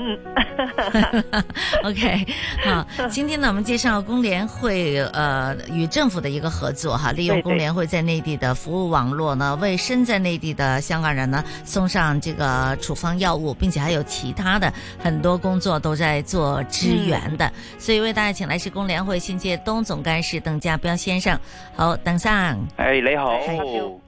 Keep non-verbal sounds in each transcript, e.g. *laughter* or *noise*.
嗯 *laughs* ，OK，好，今天呢，我們介紹工聯會，呃，與政府的一個合作，哈，利用工聯會在內地的服務網絡呢，為身在內地的香港人呢送上這個處方藥物，並且還有其他的很多工作都在做支援的，嗯、所以為大家請來是工聯會新界東總幹事鄧家彪先生，好，鄧生，哎，你好，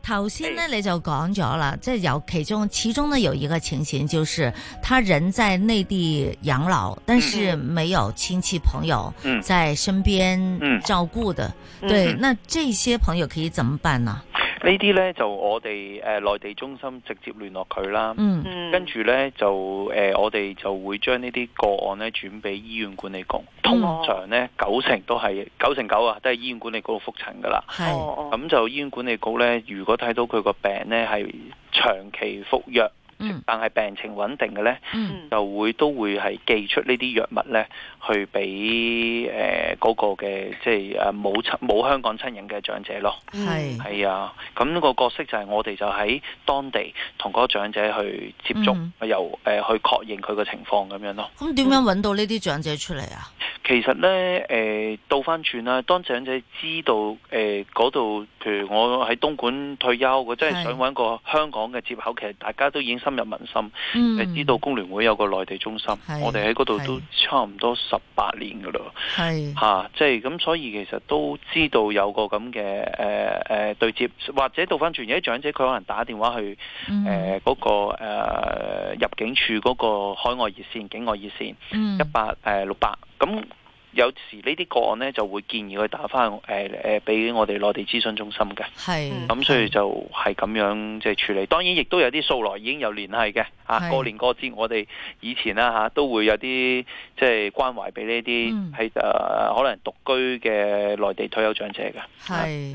頭先呢你就講咗了。即係有其中其中呢有一個情形，就是他人在內地養老，但是沒有親戚朋友、嗯、在身邊照顧的，嗯、對，嗯、那這些朋友可以怎麼辦呢？呢啲呢，就我哋誒內地中心直接聯絡佢啦，嗯，跟住呢，就誒、呃、我哋就會將呢啲個案呢轉俾醫院管理局，通常呢，哦、九成都係九成九啊，都係醫院管理局覆診噶啦，係是，咁、哦哦、就醫院管理局呢，如果睇到佢個病呢，係長期服藥。但係病情穩定嘅咧，嗯、就會都會係寄出呢啲藥物咧，去俾誒嗰個嘅即係冇親冇香港親人嘅長者咯。係係是啊，咁、呢個角色就係我哋就喺當地同嗰個長者去接觸，嗯、又誒、呃、去確認佢嘅情況咁樣咯。咁點樣揾到呢啲長者出嚟啊？嗯其實呢，誒，倒翻轉啦，當長者知道，誒，嗰度，譬如我喺東莞退休，我真係想揾個香港嘅接口，其實大家都已經深入民心，知道工聯會有個內地中心，我哋喺嗰度都差唔多十八年噶啦，吓，即係咁，所以其實都知道有個咁嘅，誒，誒，對接，或者倒翻轉，而啲長者佢可能打電話去，嗰個誒入境處嗰個海外熱線、境外熱線，一八誒六八。咁。有時呢啲個案呢、嗯，就會建議佢打返誒誒，俾我哋內地諮詢中心嘅。係，咁所以就係咁樣即係處理。當然亦都有啲素來已經有聯繫嘅。啊吧，過年過節，我哋以前啦、啊、嚇都會有啲即係關懷俾呢啲係誒可能獨居嘅內地退休長者嘅。係，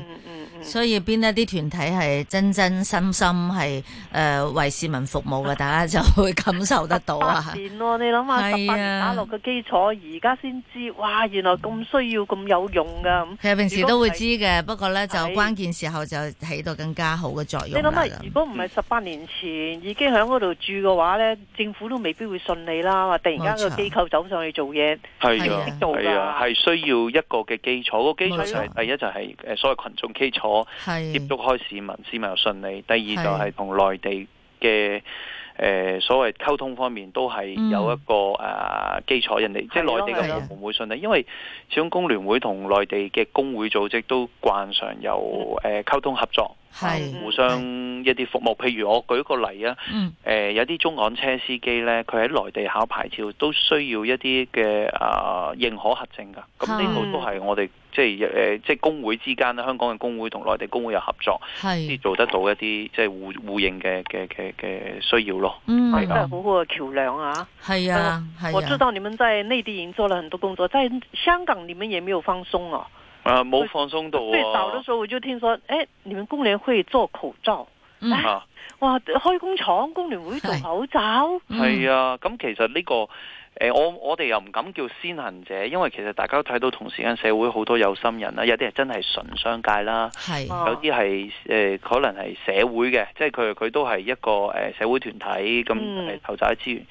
所以邊一啲團體係真真心心係誒、呃、為市民服務嘅，大家就會感受得到啊！你諗下，十八年打落嘅基礎，而家先知。哇！原來咁需要，咁有用噶。咁，其實平時都會知嘅，不過咧，就關鍵時候就起到更加好嘅作用。你諗下，如果唔係十八年前已經喺嗰度住嘅話咧，嗯、政府都未必會信你啦。突然間個機構走上去做嘢，係唔係啊？係、啊啊、需要一個嘅基礎，個基礎就係錯第一就係誒所謂群眾基礎，是接觸開市民，市民又信你。第二就係同內地嘅。誒、呃、所謂溝通方面都係有一個誒、呃、基礎，嗯、人哋即係內地嘅勞工會信任，因為始終工聯會同內地嘅工會組織都慣常有誒、嗯呃、溝通合作。係互相一啲服務，譬如我舉個例啊，誒、嗯呃、有啲中港車司機咧，佢喺內地考牌照都需要一啲嘅啊認可核證噶，咁呢度都係我哋即係誒、呃、即係工會之間啦，香港嘅工會同內地工會有合作，先是做得到一啲即係互互認嘅嘅嘅嘅需要咯。嗯，係一個好好嘅橋樑啊。係啊，係、啊啊啊、我知道你們在內地已經做了很多工作，在香港你們也沒有放鬆啊。啊！冇放鬆到啊！即係早啲時候我就聽說，誒、嗯啊，你們工聯會做口罩吓，哇！開工廠，工聯會做口罩，係、嗯、啊！咁其實呢、這個誒、呃，我我哋又唔敢叫先行者，因為其實大家都睇到同時間社會好多有心人啦，有啲係真係純商界啦，係是有啲係誒可能係社會嘅，即係佢佢都係一個誒、呃、社會團體咁嚟籌集資源，咁、嗯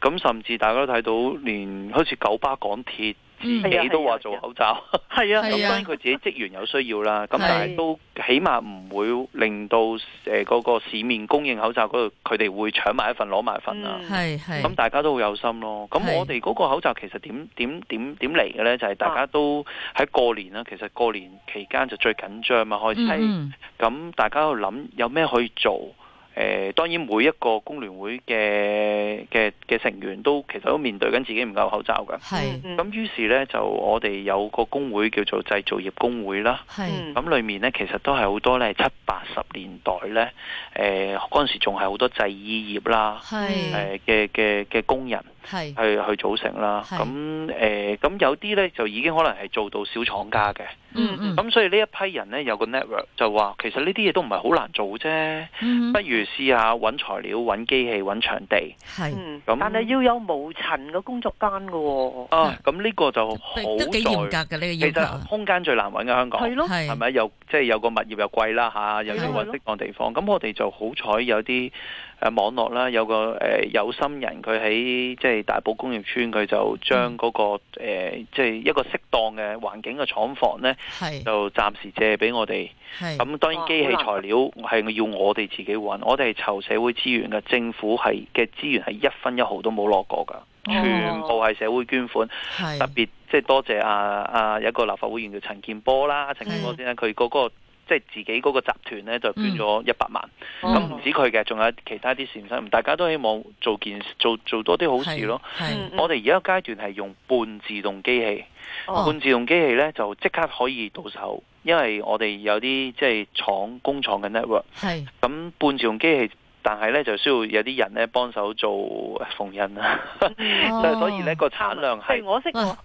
嗯嗯、甚至大家都睇到連好似九巴港鐵、港鐵。自己都話做口罩，係啊，咁當然佢自己職員有需要啦，咁、啊、但係都起碼唔會令到誒嗰、呃嗰個市面供應口罩嗰度，佢哋會搶埋一份攞埋份、嗯、啊，係係，咁大家都好有心咯。咁我哋嗰個口罩其實點點點點嚟嘅咧，就係、是、大家都喺過年啦，其實過年期間就最緊張嘛開始，咁、嗯嗯、大家度諗有咩可以做。誒、呃、當然每一個工聯會嘅嘅嘅成員都其實都面對緊自己唔夠口罩㗎，係，咁於是咧就我哋有個工會叫做製造業工會啦，係，咁是裡面咧其實都係好多咧七八十年代咧誒嗰陣時仲係好多製衣業啦，係誒嘅嘅嘅工人。係，去是去組成啦。咁誒，咁有啲咧就已經可能係做到小廠家嘅。嗯嗯。咁所以呢一批人咧有個 network 就話，其實呢啲嘢都唔係好難做啫。不如試下搵材料、搵機器、搵場地。係是。咁、嗯、但係要有無塵嘅工作間嘅。哦。咁呢是、啊、個就好在。都幾嚴格嘅呢個要求。其實空間最難搵嘅香港。係咯的。係咪又即係有個物業又貴啦吓，又要揾適當地方。咁的的我哋就好彩有啲。誒網絡啦，有個誒有心人，佢喺即係大埔工業村，佢就將嗰、那個即係、嗯呃就是、一個適當嘅環境嘅廠房呢，是就暫時借俾我哋。咁是、嗯、當然機器材料係要我哋自己揾，我哋係籌社會資源嘅，政府係嘅資源係一分一毫都冇落過㗎，全部係社會捐款。哦、特別即係、就是、多謝阿、啊、阿、啊、一個立法會議員叫陳健波啦，陳健波先生，佢嗰個。嗯即係自己嗰個集團呢，就捐咗一百萬，咁唔、嗯、止佢嘅，仲有其他啲善心，大家都希望做件事做做多啲好事咯。我哋而家階段係用半自動機器，哦、半自動機器呢就即刻可以到手，因為我哋有啲即係廠工廠嘅 network，咁是半自動機器。但係咧，就需要有啲人咧幫手做縫紉啦， *laughs* 所以咧個產量係我識手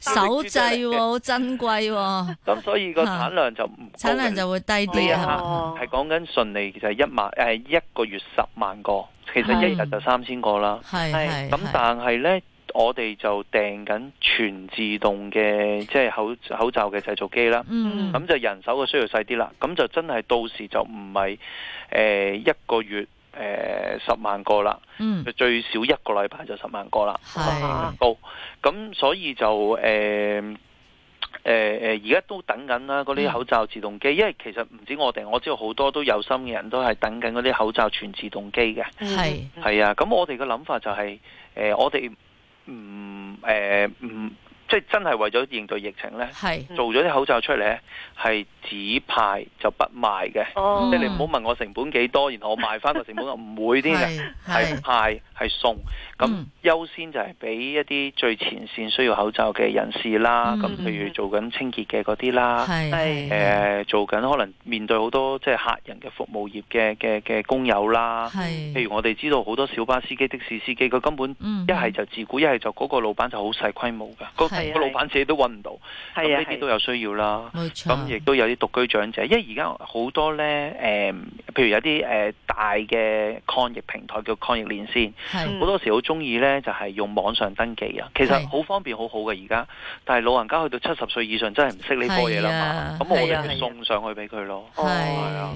手製、啊，好珍貴、啊。咁所以個產量就唔，產量就會低啲啊。係講緊順利，其實一萬誒一個月十萬個，嗯、其實一日就三千個啦。係咁、嗯，是但係咧。我哋就訂緊全自動嘅即係口口罩嘅製造機啦，咁就人手嘅需要細啲啦。咁就真係到時就唔係誒一個月十萬個啦，最少一個禮拜就十萬個啦。係，好，咁所以就誒誒誒而家都等緊啦嗰啲口罩自動機，因為其實唔止我哋，我知道好多都有心嘅人都係等緊嗰啲口罩全自動機嘅。係，係啊，咁我哋嘅諗法就係誒我哋。唔，誒、嗯，唔、呃嗯，即係真係為咗應對疫情咧，係是做咗啲口罩出嚟咧，係只派就不賣嘅，即係、哦、你唔好問我成本幾多，然後我賣翻個成本，唔 *laughs* 會啲嘅，係派係送。咁優先就係俾一啲最前線需要口罩嘅人士啦，咁譬如做緊清潔嘅嗰啲啦，係誒做緊可能面對好多即係客人嘅服務業嘅嘅嘅工友啦，係譬如我哋知道好多小巴司機、的士司機，佢根本一係就自僱一係就嗰個老闆就好細規模嘅，個個老闆自己都揾唔到，咁呢啲都有需要啦。咁亦都有啲獨居長者，因為而家好多咧誒，譬如有啲誒大嘅抗疫平台叫抗疫連線，好多時好中意咧就係用網上登記啊，其實好方便，好好嘅，而家。但係老人家去到七十歲以上，真係唔識呢波嘢啦嘛。咁、啊、我入去送上去俾佢咯。係啊，哦、啊、啊、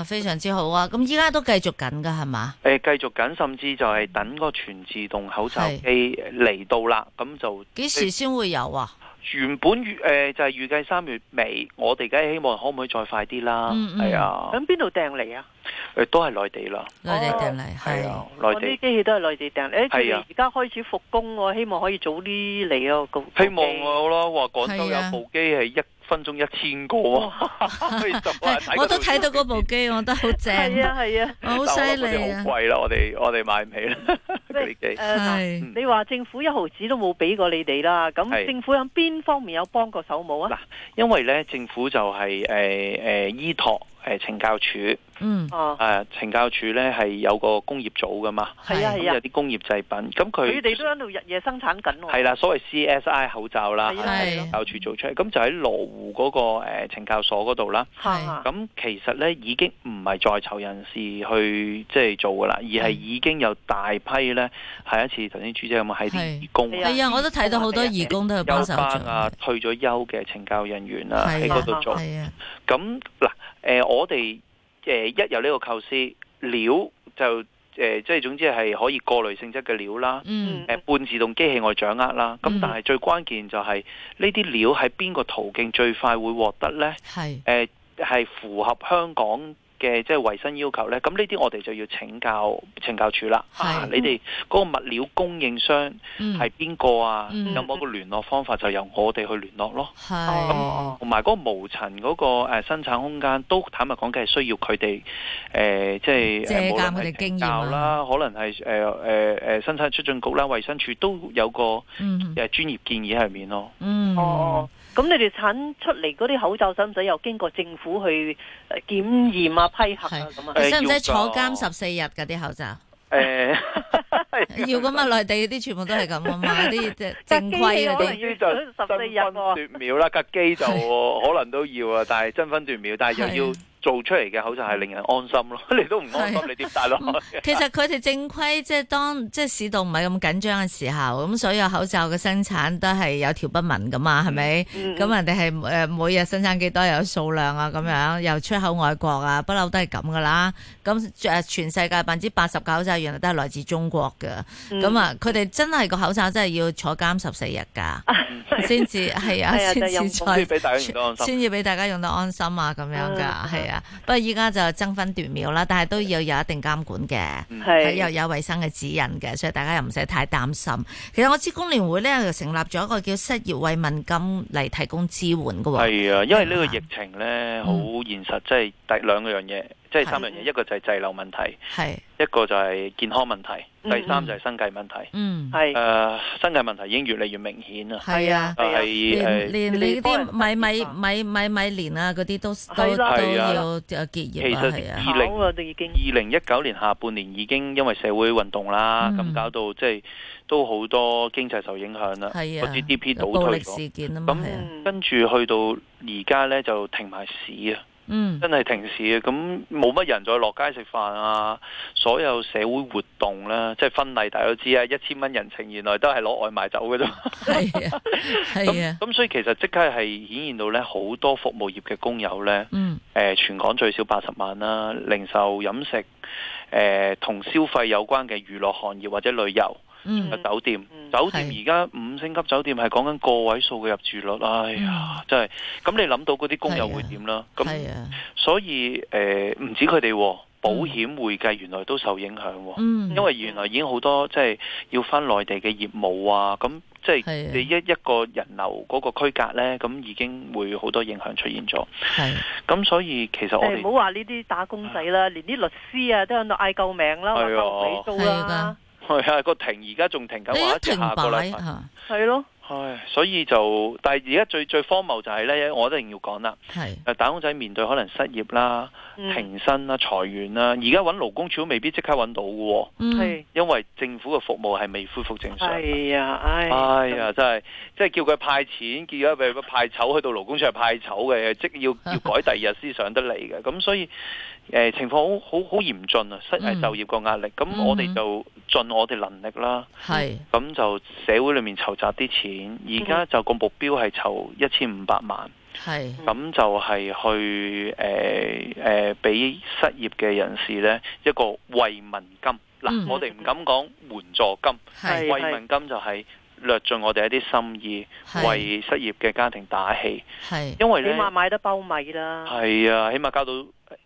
啊非常之好啊。咁依家都繼續緊噶係嘛？誒、呃，繼續緊，甚至就係等個全自動口罩機嚟到啦。咁、啊、就幾時先會有啊？原本預誒、呃、就係、是、預計三月尾，我哋梗係希望可唔可以再快啲啦？係、嗯、啊，響邊度訂嚟啊？誒、呃，都係內地啦，內地訂嚟，係啊，內地機器都係內地訂。誒、欸，佢哋而家開始復工我、啊、希望可以早啲嚟咯。高希望我啦，話廣州有部機係一、啊。分鐘一千個，我都睇到部機，我覺得好正，係啊係啊，好犀利啊！貴、呃、啦，我哋我哋買唔起啦，你話政府一毫子都冇俾過你哋啦，咁政府有邊方面有幫過手冇啊？嗱 *noise* ，因為呢政府就係誒誒依托，誒、呃、懲、呃呃、教署。嗯哦，誒，懲教署咧係有個工業組噶嘛。係啊，係啊，有啲工業製品，咁佢佢哋都喺度日夜生產緊喎。係啦，所謂 C S I 口罩啦，係懲教署做出嚟，咁就喺羅湖嗰個誒懲教所嗰度啦。係咁，其實咧已經唔係在囚人士去即係做噶啦，而係已經有大批咧係一次。頭先主姐有冇啲義工？係啊，我都睇到好多義工都去幫手做啊，退咗休嘅懲教人員啊，喺嗰度做。係啊，咁嗱，誒，我哋。誒、呃、一有呢個構思，料就即係、呃、總之係可以過濾性質嘅料啦，誒、嗯呃、半自動機器外掌握啦，咁、嗯、但係最關鍵就係呢啲料喺邊個途徑最快會獲得呢？係係是、呃、符合香港。嘅即係衛生要求咧，咁呢啲我哋就要請教懲教署啦。你哋嗰個物料供應商係邊個啊？嗯、有冇個聯絡方法就由我哋去聯絡咯。係是，同埋嗰個無塵嗰個誒生產空間都坦白講，嘅係需要佢哋誒，即係誒借鑑佢哋經驗啦。可能係誒誒誒生產促進局啦、衛生署都有個誒、嗯呃、專業建議喺入面咯。嗯。Oh, oh, oh. 咁你哋產出嚟嗰啲口罩使唔使又經過政府去誒檢驗啊，批核啊咁啊？使唔使坐監十四日嘅啲口罩？誒，要咁啊！內地啲全部都係咁 *laughs* 啊嘛，啲正正規嘅啲十四日喎。斷秒啦，架機就可能都要啊， *laughs* 但係爭分奪秒，但係又要。 *laughs* *laughs* 做出嚟嘅口罩係令人安心咯，你都唔安心，你跌曬落去。其實佢哋正規即係當即係市道唔係咁緊張嘅時候，咁所有口罩嘅生產都係有條不紊噶嘛，係咪？咁人哋係誒每日生產幾多有數量啊？咁樣又出口外國啊，不嬲都係咁噶啦。咁誒全世界百分之八十九口罩原來都係來自中國嘅。咁啊，佢哋真係個口罩真係要坐監十四日㗎，先至係啊，先至俾大家安心。先至俾大家用得安心啊，咁樣㗎，係啊。不過依家就爭分奪秒啦，但係都要有一定監管嘅，又係有衛生嘅指引嘅，所以大家又唔使太擔心。其實我知工聯會咧又成立咗一個叫失業慰問金嚟提供支援噶。係啊，因為呢個疫情咧好現實，即係第兩樣嘢。即係三樣嘢，一個就係滯留問題，係一個就係健康問題，第三就係生計問題。嗯，係誒，生計問題已經越嚟越明顯啦。係啊，係連你啲米米米米米糧啊，嗰啲都都都要結業啊。其實二零二零一九年下半年已經因為社會運動啦，咁搞到即係都好多經濟受影響啦，個 GDP 倒退咁，跟住去到而家咧就停埋市啊。嗯，真係停市嘅，咁冇乜人再落街食飯啊！所有社會活動啦，即係婚禮，大家都知啊，一千蚊人情，原來都係攞外賣走嘅啫。係 *laughs* 啊，係咁、啊、所以其實即刻係顯現到呢好多服務業嘅工友呢，誒、嗯呃，全港最少八十萬啦，零售飲食，誒、呃，同消費有關嘅娛樂行業或者旅遊、嗯、酒店。嗯酒店而家五星級酒店係講緊個位數嘅入住率，哎呀，嗯、真係咁你諗到嗰啲工友會點啦？咁所以誒，唔、呃、止佢哋，保險、會計原來都受影響，嗯、因為原來已經好多即係、就是、要返內地嘅業務啊，咁即係你一一個人流嗰個區隔呢，咁已經會好多影響出現咗。係咁、嗯，所以其實我哋唔好話呢啲打工仔啦，呀連啲律師啊都喺度嗌救命啦，啦。呀呀係啊，個 *laughs* 停而家仲停緊，話 *laughs* 一直下個禮拜吓，係 *laughs* 咯。唉，所以就但係而家最最荒謬就係、是、咧，我一定要講啦。係是、呃，打工仔面對可能失業啦、嗯、停薪啦、裁員啦，而家搵勞工處都未必即刻搵到嘅。係、嗯、因為政府嘅服務係未恢復正常。係啊、哎，哎呀，哎呀真係的，即係叫佢派錢，叫佢譬如派籌去到勞工處係派籌嘅，即要 *laughs* 要改第二日先上得嚟嘅。咁所以。誒、呃，情況好好好嚴峻啊，失業就業個壓力，咁、嗯、我哋就盡我哋能力啦。係是，咁就社會裏面籌集啲錢，而家就個目標係籌一千五百萬。係是，咁就係去誒誒，俾、呃呃、失業嘅人士咧一個慰問金。嗱，嗯、我哋唔敢講援助金，係是慰問金就係略盡我哋一啲心意，是為失業嘅家庭打氣。係是，因為起碼買得包米啦。係啊，起碼交到。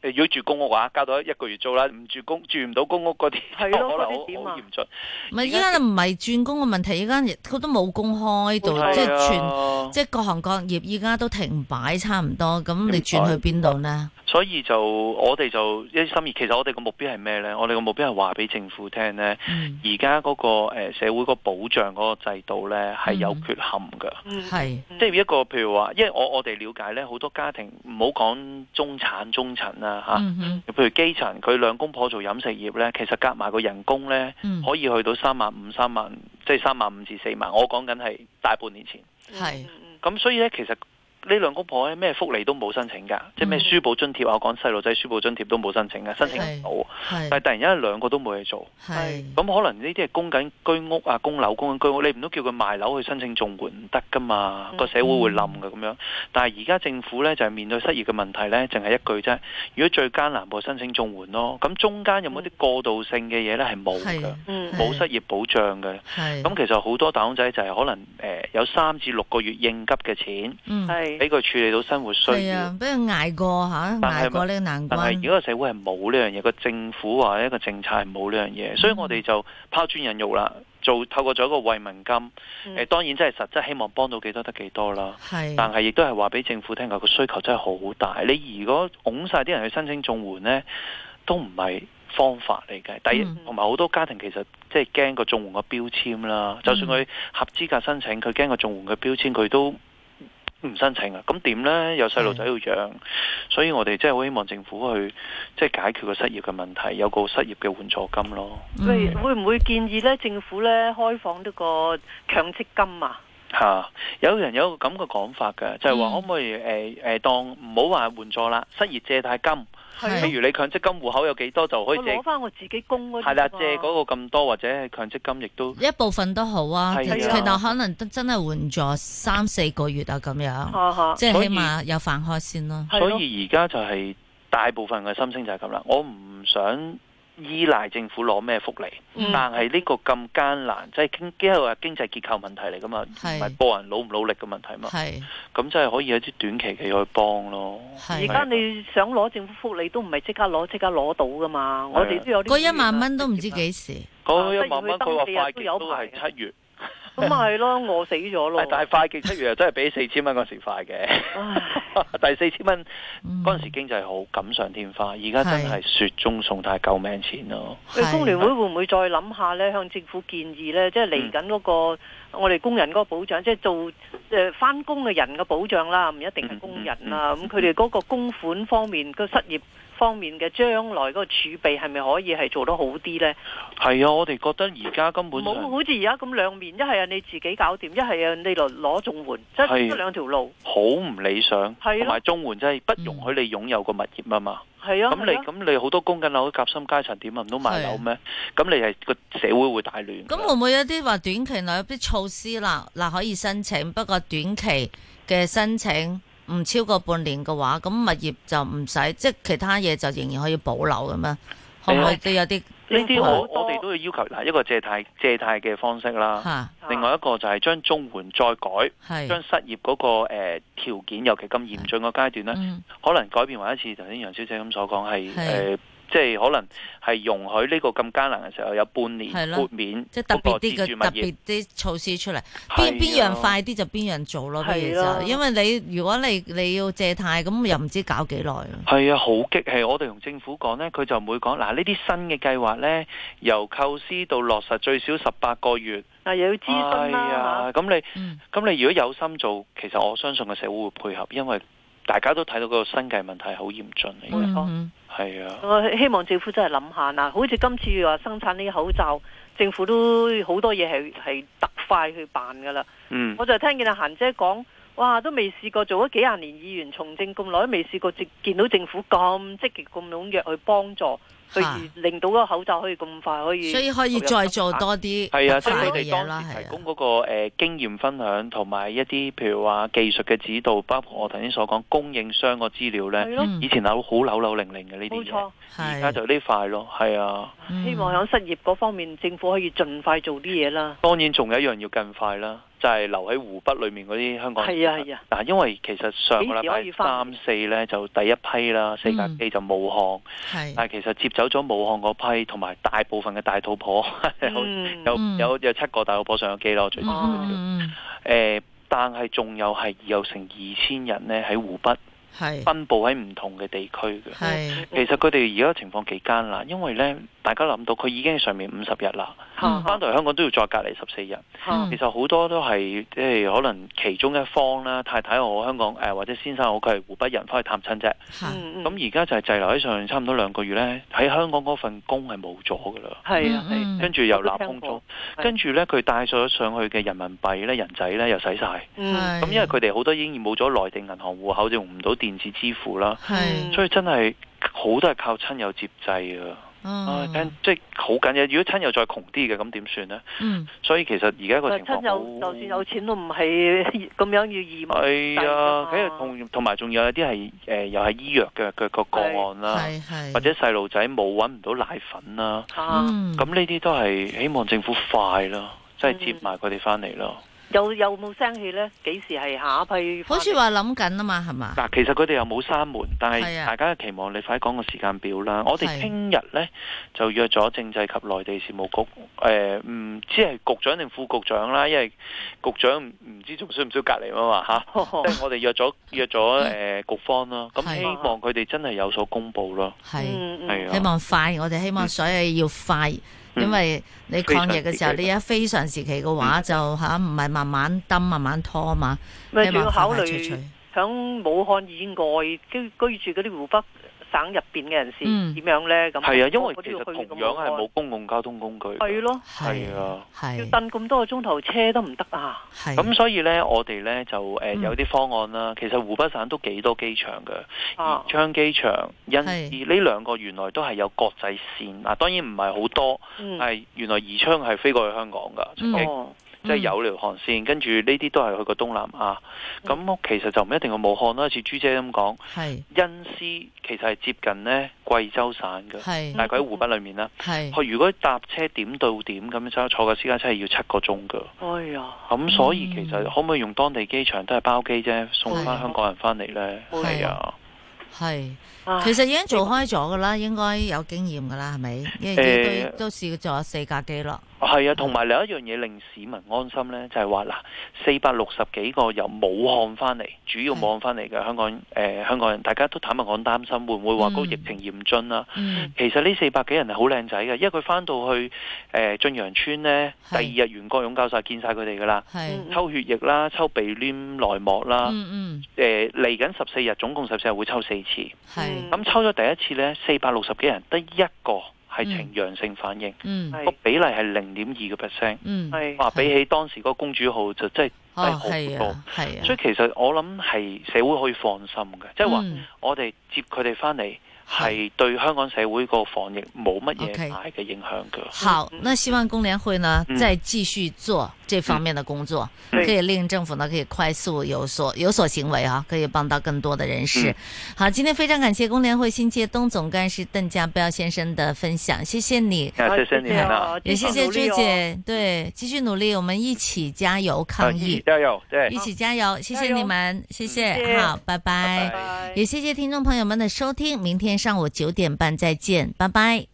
如果住公屋嘅話，交到一個月租啦。唔住公住唔到公屋嗰啲，係啊可能好好嚴峻。唔係依家唔係轉工嘅問題，依家佢都冇工開到，即係會是 全即係係啊各行各業，依家都停擺差唔多。咁你轉去邊度呢？所以就我哋就一心意，其實我哋個目標係咩咧？我哋個目標係話俾政府聽咧，而家嗰個誒社會個保障嗰個制度咧係有缺陷㗎，係即係一個譬如話，因為我我哋了解咧，好多家庭唔好講中產中層啦嚇，啊嗯嗯、譬如基層佢兩公婆做飲食業咧，其實夾埋個人工咧，嗯、可以去到三萬五、三萬即係三萬五至四萬，我講緊係大半年前，係咁是，所以咧其實。呢兩公婆咧咩福利都冇申請噶，即係咩書簿津貼啊，我講細路仔書簿津貼都冇申請噶，申請唔到。但係突然間兩個都冇嘢做。咁可能呢啲係供緊居屋啊，供樓供緊居屋，你唔都叫佢賣樓去申請綜援唔得噶嘛？個社會會冧㗎咁樣。但係而家政府呢，就係面對失業嘅問題呢，淨係一句啫。如果最艱難，部申請綜援咯。咁中間有冇啲過渡性嘅嘢呢？係冇㗎，冇失業保障㗎。咁其實好多打工仔就係可能誒有三至六個月應急嘅錢。俾佢處理到生活需要，係俾佢捱過吓，是捱過呢個難關。但係如果個社會係冇呢樣嘢，個政府或者一個政策係冇呢樣嘢，嗯、哼所以我哋就拋磚引玉啦，做透過咗一個惠民金，誒、嗯欸、當然真係實質希望幫到幾多得幾多啦。是但係亦都係話俾政府聽，個個需求真係好大。你如果拱晒啲人去申請綜援呢，都唔係方法嚟嘅。第二、嗯哼，同埋好多家庭其實即係驚個綜援嘅標籤啦。嗯、哼就算佢合資格申請，佢驚個綜援嘅標籤，佢都。唔申請啊！咁點呢？有細路仔要養，是的 所以我哋真係好希望政府去即係解決個失業嘅問題，有個失業嘅援助金咯。會會唔會建議呢，政府呢開放呢個強積金啊？嚇、啊！有人有咁嘅講法嘅，就係、是、話可唔可以誒誒、呃、當唔好話援助啦，失業借貸金。譬、啊、如你強積金戶口有幾多，就可以借翻我，我自己供係啦、啊啊，借嗰個咁多或者係強積金亦都一部分都好啊。啊其實可能真係換咗三四個月啊，咁樣即係、啊啊、起碼有飯開先咯、啊。所以而家就係大部分嘅心聲就係咁啦，我唔想。依賴政府攞咩福利，但係呢個咁艱難，即係經，即係話經濟結構問題嚟噶嘛，唔係個人努唔努力嘅問題嘛。咁即係可以有啲短期嘅去幫咯。而家你想攞政府福利都唔係即刻攞，即刻攞到噶嘛？我哋都有嗰一萬蚊都唔知幾時。嗰一萬蚊佢話快極都係七月，咁咪係咯，餓死咗咯。但係快極七月又真係俾四千蚊嗰時快嘅。 *laughs* 第四千蚊嗰陣時經濟好錦上添花，而家真係雪中送炭救命錢咯。咁工聯會會唔會再諗下呢？向政府建議呢，即係嚟緊嗰個我哋工人嗰個保障，即係、嗯、做即翻工嘅人嘅保障啦，唔一定係工人啦。咁佢哋嗰個供款方面嘅失業。嗯嗯方面嘅將來嗰個儲備係咪可以係做得好啲呢？係啊，我哋覺得而家根本冇，好似而家咁兩面，一係啊你自己搞掂，一係啊你嚟攞綜援，即係兩條路，好唔理想。係咯、啊，同埋綜援即係不容許你擁有個物業啊嘛。係、嗯、啊，咁你咁你好多供緊樓夾心階層點啊，唔通買樓咩？咁你係個社會會大亂。咁會唔會有啲話短期內有啲措施啦？嗱，可以申請，不過短期嘅申請。唔超過半年嘅話，咁物業就唔使，即係其他嘢就仍然可以保留咁啊？可唔可以都有啲？呢啲我多我哋都要要求，嗱，一個借貸借貸嘅方式啦。啊、另外一個就係將綜援再改，將、啊、失業嗰、那個誒條、呃、件，尤其咁嚴峻嘅階段咧，啊、可能改變為一次。頭先楊小姐咁所講係誒。即係可能係容許呢個咁艱難嘅時候有半年豁免，即係特別啲嘅特別啲措施出嚟，邊邊樣快啲就邊樣做咯，啲嘢，因為你如果你你要借貸咁又唔知搞幾耐啊。係啊，好激氣！我哋同政府講咧，佢就唔會講嗱，呢啲新嘅計劃咧，由構思到落實最少十八個月。但又要諮詢啦，係嘛？咁、哎、你咁、嗯、你，你如果有心做，其實我相信個社會會配合，因為。大家都睇到個生計問題好嚴峻，係、mm hmm. 啊！我希望政府真係諗下嗱，好似今次話生產呢啲口罩，政府都好多嘢係係特快去辦噶啦。Mm hmm. 我就聽見阿、啊、嫻姐講，哇，都未試過做咗幾廿年議員，從政咁耐都未試過見到政府咁積極、咁踴躍去幫助。令到個口罩可以咁快可以，所以可以再做多啲係啊，即係你哋當時提供嗰、嗰個誒、啊呃、經驗分享同埋一啲譬如話技術嘅指導，包括我頭先所講供應商個資料咧，啊、以前好好扭扭零零嘅呢啲嘢，而家冇錯就呢塊咯，係啊，啊希望喺失業嗰方面政府可以盡快做啲嘢啦。當然，仲有一樣要更快啦。就係留喺湖北裏面嗰啲香港人，嗱、啊啊，因為其實上個禮拜三四咧就第一批啦，四架機就武漢，嗯、但係其實接走咗武漢嗰批同埋大部分嘅大肚婆， *laughs* 有、嗯、有有，有七個大肚婆上咗機咯，最多誒，但係仲有係有成二千人呢喺湖北，係分佈喺唔同嘅地區嘅，是嗯、其實佢哋而家情況幾艱難，因為咧。大家諗到佢已經喺上面五十日啦，翻到嚟香港都要再隔離十四日。其實好多都係即係可能其中一方啦，太太我香港誒或者先生我佢係湖北人，翻去探親啫。咁而家就係滯留喺上差唔多兩個月咧，喺香港嗰份工係冇咗㗎啦。係跟住又立空咗，跟住咧佢帶咗上去嘅人民幣咧人仔咧又使晒。咁因為佢哋好多已經冇咗內地銀行戶口，就用唔到電子支付啦，所以真係好多係靠親友接濟啊。啊！Uh, 嗯、即係好緊要，如果親友再窮啲嘅，咁點算呢？嗯、所以其實而家個情況，就，哦、就算有錢都唔係咁樣要義務。係、哎呃、啊，同埋仲有一啲係誒，又係醫藥嘅個個案啦，或者細路仔冇揾唔到奶粉啦、啊。咁呢啲都係希望政府快咯，即係接埋佢哋返嚟咯。嗯又又冇聲氣咧？幾時係下一批？好似話諗緊啊嘛，係嘛？嗱，其實佢哋又冇閂門，但係大家期望你快講個時間表啦。我哋聽日咧就約咗政制及內地事務局，誒，唔知係局長定副局長啦，因為局長唔知仲需唔需要隔離啊嘛吓。即係我哋約咗約咗誒局方咯，咁希望佢哋真係有所公布咯。係，係啊希望快，我哋希望所以要快。因為你抗疫嘅時候，嗯、時你一非常時期嘅話、嗯、就吓，唔係慢慢掹、慢慢拖嘛，你要考慮響非武漢以外居居住嗰啲湖北省入邊嘅人士點樣呢？咁係啊，因為其實同樣係冇公共交通工具。去咯，係啊，要等咁多個鐘頭車都唔得啊。咁所以呢，我哋呢就誒有啲方案啦。其實湖北省都幾多機場嘅，宜昌機場因此呢兩個原來都係有國際線啊。當然唔係好多，但係原來宜昌係飛過去香港㗎。即係有條航線，跟住呢啲都係去過東南亞。咁、嗯、其實就唔一定去武漢啦，似朱姐咁講。恩施是其實係接近呢貴州省嘅，但係佢喺湖北裏面啦。佢是如果搭車點到點咁樣，坐個私家車係要七個鐘嘅。哎呀呦！咁所以其實可唔可以用當地機場都係包機啫，送翻香港人翻嚟呢？係啊。係，其實已經做開咗噶啦，應該有經驗噶啦，係咪？誒，都試咗四架機咯。係啊，同埋另一樣嘢令市民安心呢，就係話嗱，四百六十幾個由武漢翻嚟，主要武漢翻嚟嘅香港誒，香港人，大家都坦白講擔心，會唔會話個疫情嚴峻啊？其實呢四百幾人係好靚仔嘅，因為佢翻到去誒駿洋村呢，第二日袁國勇教授見晒佢哋噶啦，抽血液啦，抽鼻黏內膜啦，嗯，嚟緊十四日，總共十四日會抽四。次係咁抽咗第一次咧，四百六十幾人得一個係呈陽性反應，個、嗯、是比例係零點二個 percent，係話比起當時個公主號就真係低好多，係啊，所以其實我諗係社會可以放心嘅，即係話我哋接佢哋翻嚟。嗯嗯係對香港社會個防疫冇乜嘢大嘅影響噶。好，那希望工聯會呢再繼續做這方面的工作，可以令政府呢可以快速有所有所行為啊，可以幫到更多的人士。好，今天非常感謝工聯會新界東總幹事鄧家彪先生的分享，謝謝你。啊，謝謝你們，也謝謝朱姐，對，繼續努力，我們一起加油抗疫，加油，對，一起加油，謝謝你們，謝謝，好，拜拜，也謝謝聽眾朋友們的收聽，明天。上午九點半再見，拜拜。